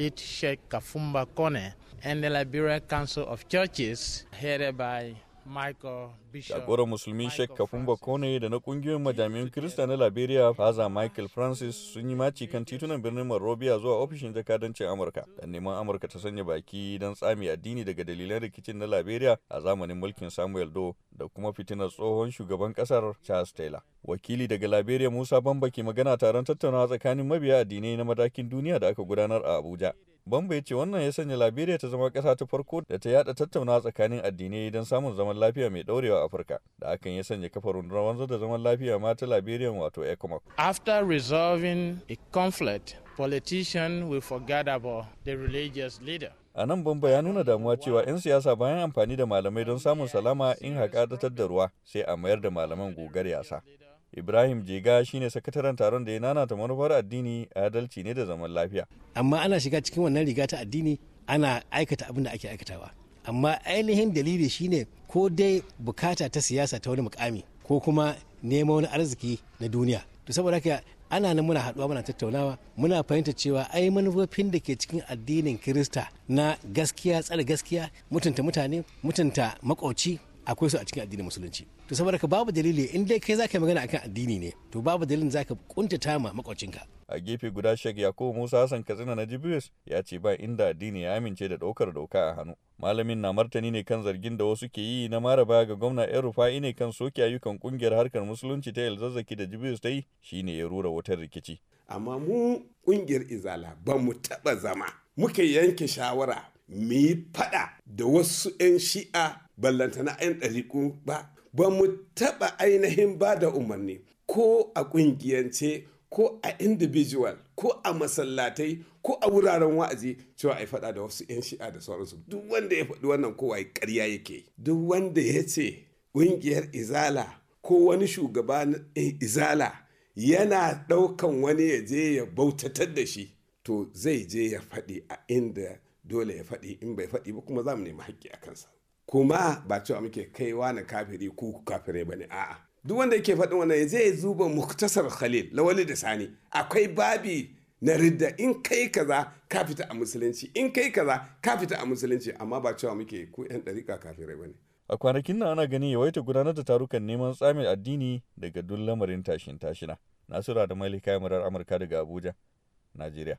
It Sheikh Kafumba Kone and the Liberia Council of Churches hereby Jagoran musulmi Sheikh Kafumba Kone da na kungiyoyin majami'un Kirista na Liberia Faza Michael Francis sun yi maci kan titunan birnin Monrovia zuwa ofishin jakadancin Amurka don neman Amurka ta sanya baki don tsami addini daga dalilan rikicin na Liberia a zamanin mulkin Samuel Do da kuma fitinar tsohon shugaban kasar Charles Taylor. Wakili daga Liberia Musa Bamba ke magana taron tattaunawa tsakanin mabiya addinai na madakin duniya da aka gudanar a Abuja. Bamba ya ce wannan ya sanya Liberia ta zama ƙasa ta farko da ta yada tattaunawa tsakanin addinai don samun zaman lafiya mai daurewa a Afirka. Da hakan ya sanya kafa rundunar wanzar da zaman lafiya ma ta Liberia wato ECOMAC. After resolving a conflict, politician will forget about the religious leader. a nan bamba ya nuna damuwa cewa 'yan siyasa bayan amfani da malamai don samun salama in haƙa da ruwa sai a mayar da malaman gogar yasa Ibrahim Jega shine sakataren taron da ya nanata manufar addini adalci ne da zaman lafiya. Amma ana shiga cikin wannan riga ta addini ana aikata abin da ake aikatawa. Amma ainihin dalili shine ko dai bukata ta siyasa ta wani mukami ko kuma neman wani arziki na duniya. To saboda haka ana nan muna haɗuwa muna tattaunawa muna fahimta cewa ai manufofin da ke cikin addinin Kirista na gaskiya tsare gaskiya mutunta mutane mutunta makoci akwai su a cikin addinin musulunci to saboda ka babu dalili in dai kai zaka magana akan addini ne to babu dalilin zaka kuntata ma makwacinka a gefe guda shek yakubu musa hassan katsina na jibris ya ce ba inda addini ya amince da ɗaukar doka a hannu malamin na martani ne kan zargin da wasu ke yi na mara baya ga gwamna yan rufa'i ne kan soke ayyukan kungiyar harkar musulunci ta yalzazzaki da jibris ta yi ne ya rura wutar rikici amma mu kungiyar izala ba mu taɓa zama muka yanke shawara mu yi fada da wasu 'yan shi'a ballanta na ayan ɗariƙu ba ba mu taɓa ainihin ba da umarni ko a ƙungiyance ko a individual ko a masallatai ko a wuraren wa'azi cewa a faɗa da wasu 'yan shi'a da sauransu duk wanda ya faɗi wannan kowa karya yake duk wanda ya ce ƙungiyar izala ko wani shugaba na izala yana ɗaukan wani ya je ya bautatar da shi to zai je ya faɗi a inda dole ya faɗi in bai faɗi ba kuma za mu nemi haƙƙi a kansa kuma ba cewa muke kaiwa na kafiri ku kafirai bane a'a duk wanda yake faɗin wannan zai zuba muktasar khalil lawali da sani akwai babi na ridda in kai kaza ka fita a musulunci in kai kaza ka fita a musulunci amma ba cewa muke ku yan ɗariƙa kafirai bane a kwanakin nan ana gani yawaita gudanar da tarukan neman tsamin addini daga duk lamarin tashin tashina nasura da malika murar amurka daga abuja najeriya